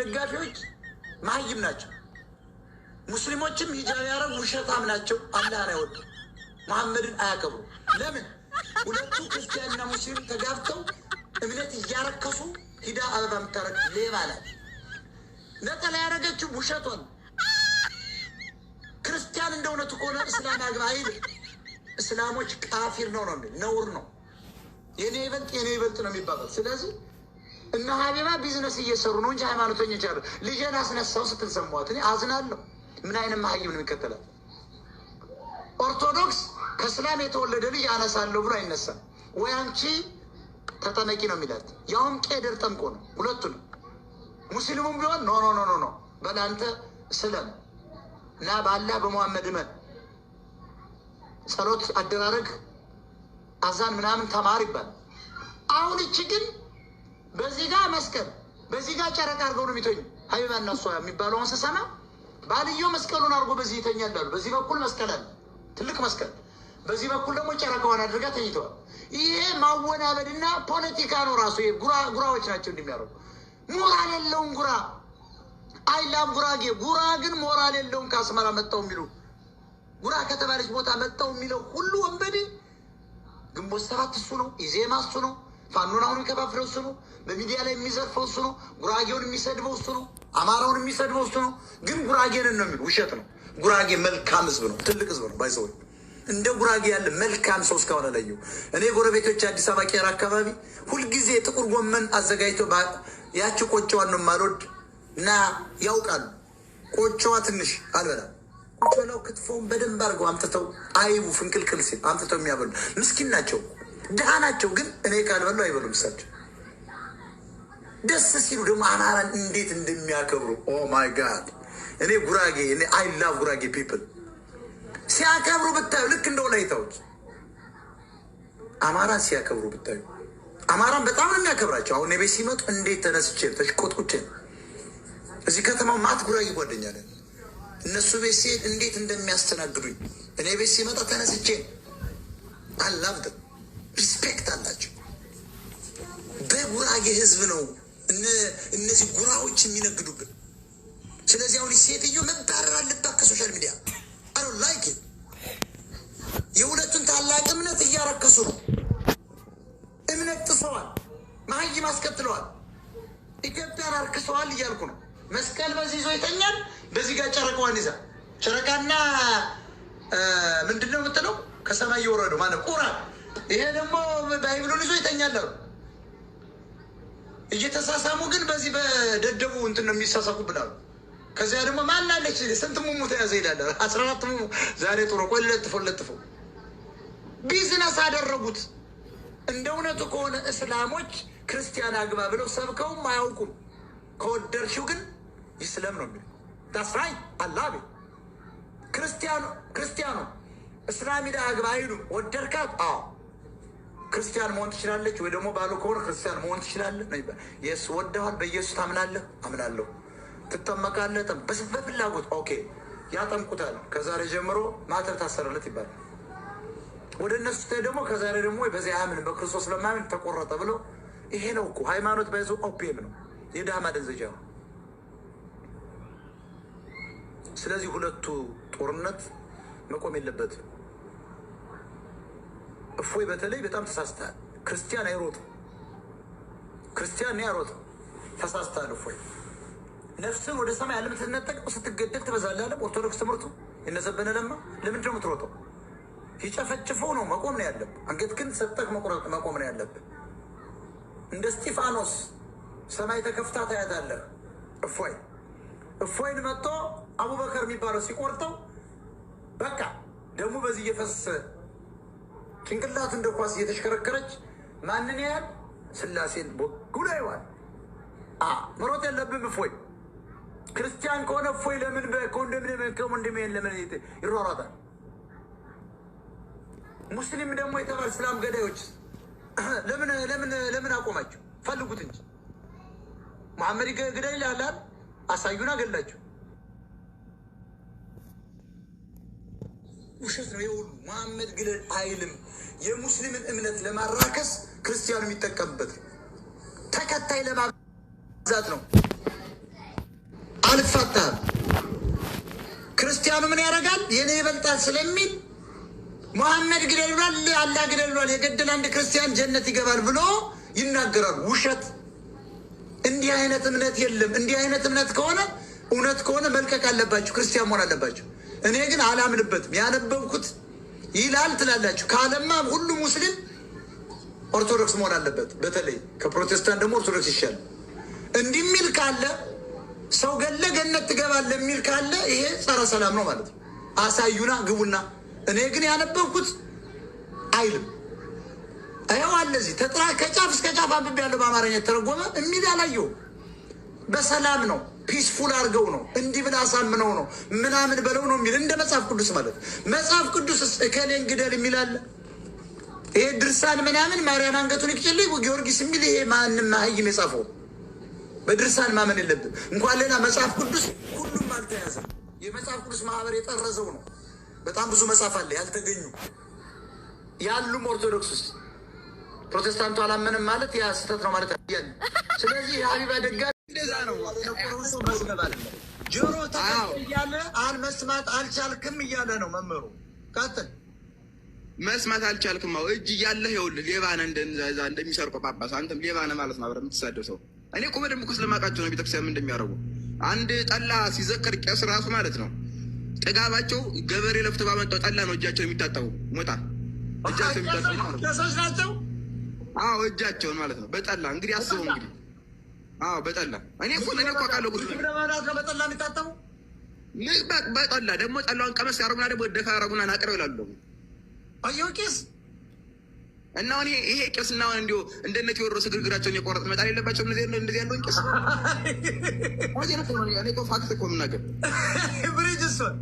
ደጋፊዎች መሀይም ናቸው። ሙስሊሞችም ሂጃብ ያረግ ውሸታም ናቸው። አላህን አይወዱ፣ መሐመድን አያከብሩ። ለምን ሁለቱ ክርስቲያንና ሙስሊም ተጋብተው እምነት እያረከሱ ሂዳ አበባ የምታረግ ሌባ ናት። ነጠላ ያደረገችው ውሸቷን። ክርስቲያን እንደ እውነቱ ከሆነ እስላም አግባ አይል እስላሞች ቃፊር ነው ነው ነውር ነው። የኔ ይበልጥ የኔ ይበልጥ ነው የሚባባል ስለዚህ እነ ሀቢባ ቢዝነስ እየሰሩ ነው እንጂ ሃይማኖተኞች አሉ። ልጄን አስነሳው ስትል ሰማሁት። እኔ አዝናለሁ። ምን አይነት መሀይም ነው የሚከተላት? ኦርቶዶክስ ከእስላም የተወለደ ልጅ አነሳለሁ ብሎ አይነሳም። ወይ አንቺ ተጠመቂ ነው የሚላት፣ ያውም ቄደር ጠምቆ ነው። ሁለቱ ነው። ሙስሊሙም ቢሆን ኖ ኖ ኖ ኖ በላንተ ስለም እና በአላህ በመሐመድ እመን፣ ጸሎት አደራረግ፣ አዛን ምናምን ተማር ይባል። አሁን እቺ ግን በዚህ ጋር መስቀል በዚህ ጋር ጨረቃ አድርገው ነው የሚተኙ። ሀቢባ እና እሷ የሚባለውን ስሰማ ባልየው መስቀሉን አድርጎ በዚህ ይተኛል አሉ። በዚህ በኩል መስቀል አለ፣ ትልቅ መስቀል። በዚህ በኩል ደግሞ ጨረቃዋን አድርጋ ተኝተዋል። ይሄ ማወናበድና ፖለቲካ ነው ራሱ። ጉራዎች ናቸው እንደሚያደርጉ ሞራል የለውም ጉራ አይላም ጉራጌ ጉራ ግን ሞራል የለውም። ከአስመራ መጣው የሚሉ ጉራ ከተባለች ቦታ መጣው የሚለው ሁሉ ወንበዴ ግንቦት ሰባት እሱ ነው፣ ኢዜማ እሱ ነው። ፋኖን አሁን የሚከፋፍለው እሱ ነው። በሚዲያ ላይ የሚዘርፈው እሱ ነው። ጉራጌውን የሚሰድበው እሱ ነው። አማራውን የሚሰድበው እሱ ነው። ግን ጉራጌንን ነው የሚል ውሸት ነው። ጉራጌ መልካም ህዝብ ነው። ትልቅ ህዝብ ነው። ባይሰዎች እንደ ጉራጌ ያለ መልካም ሰው እስካሁን አላየሁም። እኔ ጎረቤቶች አዲስ አበባ ቄራ አካባቢ ሁልጊዜ ጥቁር ጎመን አዘጋጅቶ ያቺ ቆጨዋን ነው የማልወድ እና ያውቃሉ። ቆጨዋ ትንሽ አልበላም። ቆጨላው ክትፎውን በደንብ አድርገው አምጥተው አይቡ ፍንክልክል ሲል አምጥተው የሚያበሉ ምስኪን ናቸው። ድሃ ናቸው፣ ግን እኔ ካልበሉ አይበሉም። እሳቸው ደስ ሲሉ ደግሞ አማራን እንዴት እንደሚያከብሩ ኦ ማይ ጋድ። እኔ ጉራጌ እኔ አይ ላቭ ጉራጌ ፒፕል ሲያከብሩ ብታዩ ልክ እንደ ወላይታዎች አማራን ሲያከብሩ ብታዩ አማራን በጣም ነው የሚያከብራቸው። አሁን ቤት ሲመጡ እንዴት ተነስቼ ተሽቆጥቁቼ እዚህ ከተማ ማት ጉራጌ ጓደኛለን እነሱ ቤት ሲሄድ እንዴት እንደሚያስተናግዱኝ እኔ ቤት ሲመጣ ተነስቼ አላብድም ሪስፔክት አላቸው። በጉራጌ ህዝብ ነው እነዚህ ጉራዎች የሚነግዱብን። ስለዚህ አሁን ሴትዮ መባረር አለባ ከሶሻል ሚዲያ አሮ ላይክ የሁለቱን ታላቅ እምነት እያረከሱ ነው። እምነት ጥሰዋል፣ መሀይም አስከትለዋል፣ ኢትዮጵያን አርክሰዋል እያልኩ ነው። መስቀል በዚህ ይዞ ይተኛል፣ በዚህ ጋር ጨረቃዋን ይዛ ጨረቃና ምንድነው የምትለው ከሰማይ የወረደው ማለት ቁራን ይሄ ደግሞ ባይብሉን ይዞ ይተኛለሁ። እየተሳሳሙ ግን በዚህ በደደቡ እንትን ነው የሚሳሳሙ ብላሉ። ከዚያ ደግሞ ማናለች ስንት ሙሙ ተያዘ ይላል። አስራ አራት ሙሙ ዛሬ ጥሩ። ቆይ ለጥፎ ለጥፎ ቢዝነስ አደረጉት። እንደ እውነቱ ከሆነ እስላሞች ክርስቲያን አግባ ብለው ሰብከውም አያውቁም። ከወደርሽው ግን ይስለም ነው የሚለው ዳስራይ አላ ቤ ክርስቲያኑ ክርስቲያኑ እስላሚዳ አግባ አይሉ ወደርካት አዎ ክርስቲያን መሆን ትችላለች ወይ ደግሞ ባሉ ከሆነ ክርስቲያን መሆን ትችላለህ ነው ይባል። ኢየሱስ ወደዋል። በኢየሱስ ታምናለህ? አምናለሁ። ትጠመቃለህ? ፍላጎት ኦኬ፣ ያጠምቁታል። ከዛሬ ጀምሮ ማተብ ታሰረለት ይባላል። ወደ እነሱ ደግሞ ከዛሬ ደግሞ በዚህ አያምንም በክርስቶስ ስለማያምን ተቆረጠ ብለው ይሄ ነው እኮ ሃይማኖት በይዞ ኦፒየም ነው የድሃ ማደንዘጃ ነው። ስለዚህ ሁለቱ ጦርነት መቆም የለበትም። እፎይ በተለይ በጣም ተሳስተሃል። ክርስቲያን አይሮጥም። ክርስቲያን አይሮጥም። ተሳስተሃል እፎይ። ነፍስን ወደ ሰማይ አለምትነጠቅ ስትገደል ትበዛለህ አለ ኦርቶዶክስ ትምህርቱ። የነዘበነ ለማ ለምንድን ነው የምትሮጠው? ሲጨፈጭፈው ነው መቆም ነው ያለብህ። አንገት ግን ሰጠህ መቆም ነው ያለብህ። እንደ እስጢፋኖስ ሰማይ ተከፍታ ታያታለህ። እፎይ እፎይን መጥቶ አቡበከር የሚባለው ሲቆርጠው በቃ ደግሞ በዚህ እየፈሰሰ ጭንቅላት እንደ ኳስ እየተሽከረከረች ማንን ያህል ስላሴን ጉዳይዋል መሮጥ ያለብን እፎይ ክርስቲያን ከሆነ እፎይ ለምን በኮንዶሚኒየም ኮንዶሚኒየም ለምን ይሯሯጣል? ሙስሊም ደግሞ የተባል እስላም ገዳዮች ለምን ለምን ለምን አቆማቸው? ፈልጉት እንጂ መሐመድ ገዳይ ላላል አሳዩን፣ አገላቸው። ውሸት ነው። የሁሉ መሐመድ ግደል አይልም። የሙስሊምን እምነት ለማራከስ ክርስቲያኑ የሚጠቀምበት ተከታይ ለማብዛት ነው። አልፋታህም። ክርስቲያኑ ምን ያደርጋል? የኔ ይበልጣል ስለሚል መሐመድ ግደል ብሏል፣ አላህ ግደል ብሏል፣ የገደል አንድ ክርስቲያን ጀነት ይገባል ብሎ ይናገራል። ውሸት። እንዲህ አይነት እምነት የለም። እንዲህ አይነት እምነት ከሆነ እውነት ከሆነ መልቀቅ አለባቸው ክርስቲያን መሆን አለባቸው እኔ ግን አላምንበትም። ያነበብኩት ይላል ትላላችሁ። ከአለማ ሁሉ ሙስሊም ኦርቶዶክስ መሆን አለበት። በተለይ ከፕሮቴስታንት ደግሞ ኦርቶዶክስ ይሻል። እንዲህ ሚል ካለ ሰው ገለ ገነት ትገባለ የሚል ካለ ይሄ ጸረ ሰላም ነው ማለት ነው። አሳዩና ግቡና። እኔ ግን ያነበብኩት አይልም። ይኸው አለዚህ ተጥራ ከጫፍ እስከ ጫፍ አንብቤ ያለው በአማርኛ የተረጎመ የሚል ያላየው በሰላም ነው ፒስፉል አድርገው ነው እንዲህ ብላ አሳምነው ነው ምናምን በለው ነው የሚል እንደ መጽሐፍ ቅዱስ ማለት መጽሐፍ ቅዱስ እከሌን ግደል የሚላለ ይሄ ድርሳን ምናምን ማርያም አንገቱን ይቅጭል ጊዮርጊስ የሚል ይሄ ማንም ማህይም የጻፈው በድርሳን ማመን የለብን። እንኳን ሌላ መጽሐፍ ቅዱስ ሁሉም አልተያዘ የመጽሐፍ ቅዱስ ማህበር የጠረዘው ነው። በጣም ብዙ መጽሐፍ አለ ያልተገኙ ያሉም ኦርቶዶክስ ውስጥ ፕሮቴስታንቱ አላመንም ማለት ያ ስህተት ነው ማለት ያለ ስለዚህ የሀቢባ ደጋፊ እንደዛ ነው። ጆሮ እያለ አልመስማት አልቻልክም እያለ ነው መምህሩ። ቀጥል መስማት አልቻልክም። አዎ እጅ እያለ ይኸውልህ፣ ሌባ ነህ እንደሚሰርቁ ጳጳስ፣ አንተም ሌባ ነህ ማለት ነው። አብረን ሰው እኔ እኮ እኮ ስለማውቃቸው ነው ቤተክርስቲያን እንደሚያደርጉ አንድ ጠላ ሲዘከር ቄስ ራሱ ማለት ነው ጥጋባቸው ገበሬ ለፍቶ ባመጣው ጠላ ነው እጃቸው የሚታጠቡ ሞጣ እጃቸው የሚታጠቡ ማለት ነው። አዎ እጃቸውን ማለት ነው በጠላ እንግዲህ አስበው እንግዲህ አዎ በጠላ እኔ እኮ እኔ እኮ አውቃለሁ። ጉድ በጠላ የሚታጠቡ በጠላ ደግሞ ጠላውን ቀመስ ያረጉና ደግሞ ደካ ያረጉና ናቅረው ይላሉ። አየሁ ቄስ እና አሁን ይሄ ቄስ እና አሁን እንዲሁ እንደነ ቴዎድሮስ ግርግራቸውን የቆረጥ መጣል የለባቸውም። እንደዚህ ያለውን ቄስ እኔ እኮ ፋክት እኮ የምናገር ብሪጅ እሱን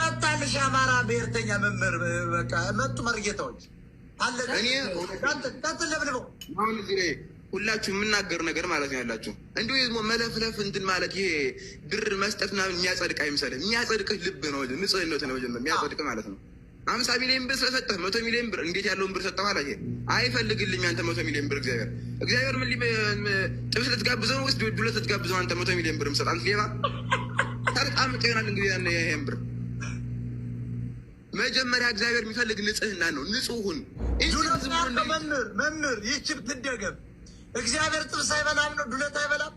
መጣልሽ አማራ ብሔርተኛ መምህር በቃ መጡ መርጌታዎች አለ ቀጥል ለብልበው አሁን እዚህ ላይ ሁላችሁ የምናገር ነገር ማለት ነው ያላችሁ እንዲሁ ደግሞ መለፍለፍ እንትን ማለት ይሄ ብር መስጠት ምናምን የሚያጸድቅ አይምሰልህ። የሚያጸድቅህ ልብ ነው፣ ንጽህነት ነው የሚያጸድቅ ማለት ነው። አምሳ ሚሊዮን ብር ስለሰጠህ መቶ ሚሊዮን ብር እንዴት ያለውን ብር ሰጠህ ማለት አይፈልግልኝ አንተ መቶ ሚሊዮን ብር እግዚአብሔር እግዚአብሔር ምን ጥብስ ልትጋብዘው ውስጥ ዱለት ልትጋብዘው? አንተ መቶ ሚሊዮን ብር ምሰጥ አንተ ሌባ ተርጣም ጤናል እንግዲህ ያን ይሄን ብር መጀመሪያ እግዚአብሔር የሚፈልግ ንጽህና ነው። ንጹሁን መምህር መምህር ይህ ችብ ትደገም እግዚአብሔር ጥብስ አይበላም ነው? ዱለት አይበላም?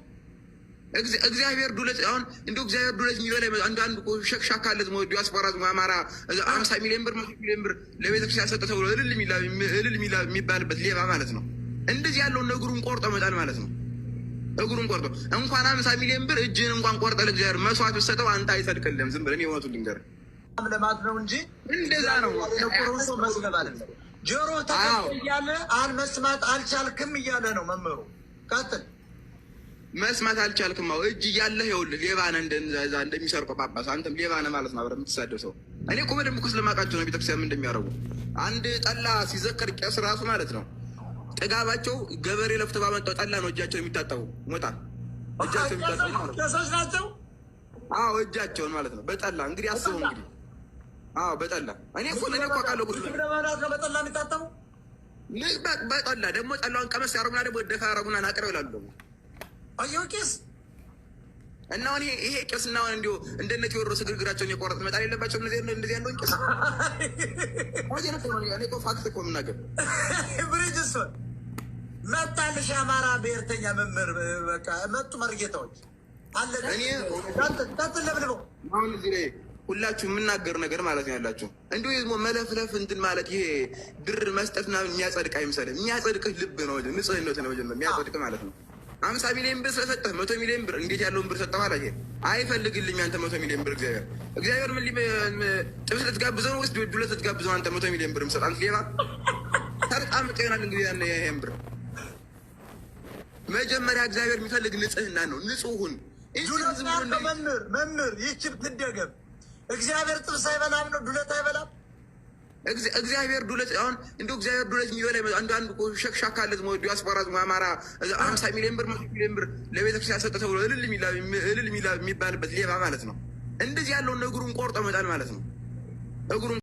እግዚአብሔር ዱለት አሁን እንደው እግዚአብሔር ዱለት የሚበላ አንድ ሸክሻ ሸክሻካ ዲያስፖራ አማራ አምሳ ሚሊዮን ብር መቶ ሚሊዮን ብር ለቤተክርስቲያን ሰጠ ተብሎ እልል የሚባልበት ሌባ ማለት ነው። እንደዚህ ያለውን እግሩን ቆርጦ መጣል ማለት ነው። እግሩን ቆርጦ እንኳን አምሳ ሚሊዮን ብር እጅን እንኳን ቆርጠ ለእግዚአብሔር መስዋዕት ብትሰጠው አንተ አይሰልክልም። ዝም ብለን የሆነቱ ልንገር ለማድ ነው እንጂ እንደዛ ነው። አለ ጆሮ ተከፍቶ እያለ አልመስማት አልቻልክም እያለ ነው መምህሩ። ቀጥል። መስማት አልቻልክም ው እጅ እያለህ ይኸውልህ፣ ሌባ ነህ እንደዛ እንደሚሰርቁ ጳጳስ አንተም ሌባ ነህ ማለት ነው። አብረን የምትሳደብ ሰው እኔ እኮ በደንብ እኮ ስለማውቃቸው ነው ቤተክርስቲያን እንደሚያደርጉ አንድ ጠላ ሲዘከር ቄስ ራሱ ማለት ነው ጥጋባቸው ገበሬ ለፍቶ ባመጣው ጠላ ነው እጃቸው የሚታጠቡ ሞጣ እጃቸው የሚታጠቡ ናቸው። አዎ እጃቸውን ማለት ነው በጠላ እንግዲህ አስበው እንግዲህ አዎ በጠላ እኔ እኮ እኔ እኮ አውቃለሁ። በጠላ የሚታጠቡ በጠላ ደግሞ ጠላውን ቀመስ ያረጉና ደግሞ ደፋ ያረጉና ናቅረው ይላሉ። ደግሞ ቄስ እና አሁን ይሄ ቄስ እና አሁን እንዲሁ እንደነ ቴዎድሮስ ግርግራቸውን የቆረጥ መጣል የለባቸው እነዚህ እንደዚህ ያለውን ቄስ እኔ ፋክት እኮ የምናገር ብሪጅስ መጣልሽ የአማራ ብሔርተኛ መምህር መጡ መርጌታዎች አለ ለምን ነው አሁን እዚህ ላይ ሁላችሁ የምናገር ነገር ማለት ነው ያላችሁ እንዲሁ ደግሞ መለፍለፍ እንትን ማለት ይሄ ድር መስጠት ና የሚያጸድቅ አይምሰልም። የሚያጸድቅህ ልብ ነው፣ ንጽህነት ነው መጀመር የሚያጸድቅ ማለት ነው። አምሳ ሚሊዮን ብር ስለሰጠህ መቶ ሚሊዮን ብር እንዴት ያለውን ብር ሰጠህ ማለት ይሄ አይፈልግልኝ አንተ መቶ ሚሊዮን ብር እግዚአብሔር እግዚአብሔር ምን ጥብስ ልትጋብዘው ውስጥ ዱለት ልትጋብዘው? አንተ መቶ ሚሊዮን ብር ምሰጥ አንተ ሌባ ተርጣምጥ ይሆናል እንግዲህ ያን ይሄን ብር መጀመሪያ እግዚአብሔር የሚፈልግ ንጽህና ነው። ንጹሁን ይህ መምህር መምህር ይችብ ትደገም እግዚአብሔር ጥብስ አይበላም ነው? ዱለት አይበላም? እግዚአብሔር ዱለት አሁን እንዲ እግዚአብሔር ዱለት የሚበላ አንዳንድ ሸክሻካ ለት ዲያስፖራ አማራ ሀምሳ ሚሊዮን ብር መቶ ሚሊዮን ብር ለቤተክርስቲያን ሰጠ ተብሎ እልል የሚባልበት ሌባ ማለት ነው። እንደዚህ ያለውን እግሩን ቆርጦ መጣል ማለት ነው እግሩን